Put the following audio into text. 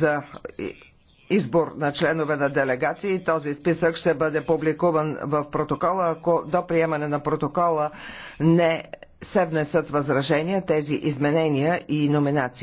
за избор на членове на делегации. Този списък ще бъде публикуван в протокола. Ако до приемане на протокола не се внесат възражения, тези изменения и номинации